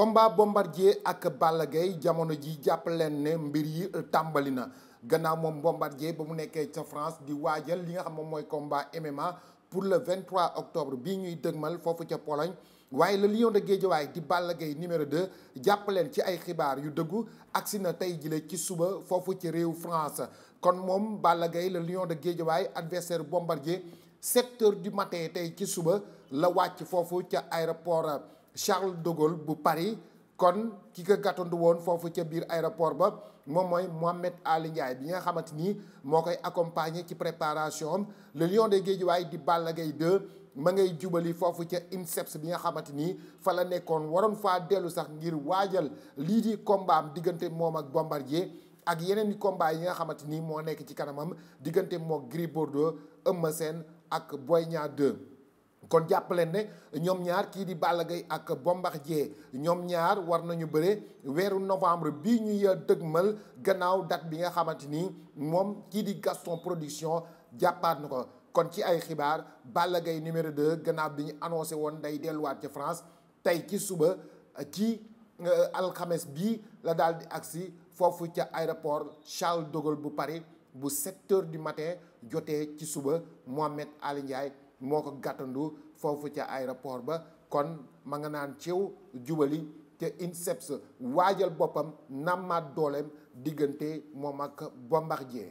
combat Bombardier ak Balla Gaye jamono ji jàpp leen ne mbir yi tàmbali na gannaaw moom Bombardier ba mu nekkee ca France di waajal li nga xam moom mooy combat MMA pour le 23 octobre bii ñuy dëgmal foofu ca Pologne waaye le lion de Guédiawaye di Balla Gaye numéro 2 jàpp leen ci ay xibaar yu dëggu agsi na tey jile ci suba foofu ca réew France kon moom Balla Gaye le lion de Guédiawaye adversaire Bombardier 7 heures du matin tey ci suba la wàcc foofu ca aéroport Charles de Gaulle bu Paris kon ki ko gàttandu woon foofu ca biir aéroport ba moom mooy Mohamed Ali Ndiaye bi nga xamante ni moo koy accompagner ci préparation am le lion de Guédiawaye di Balla Gaye 2 ma ngay jubali foofu ca INSEPS bi nga xamante ni fa la nekkoon waroon faa dellu sax ngir waajal lii di combat diggante moom ak Bombardier ak yeneen i combat yi nga xamante ni moo nekk ci kanamam diggante moo Gris Bordeaux Eumeu seen ak Boy ñaar 2 kon jàpp ne ñoom ñaar kii di Balla gay ak Bombardier ñoom ñaar war nañu bëre weeru novembre bii ñuy dëgmal gannaaw dat bi nga xamante ni moom kii di Gaston Production jàppaat na ko kon ci ay xibaar Balla Gaye numéro 2 gannaaw bi ñu annoncé woon day delluwaat ci France tey ci suba ci euh, alxames bi la daal di agsi foofu ca aéroport Charles de Gaulle bu Paris bu 7 heures du matin jotee ci suba Mohamed Ali Ndiaye moo ko gàttandu foofu ca aéroport ba kon ma nga naan ciw ca te INSEPS waajal boppam nammaat dooleem diggante moom ak Bombardier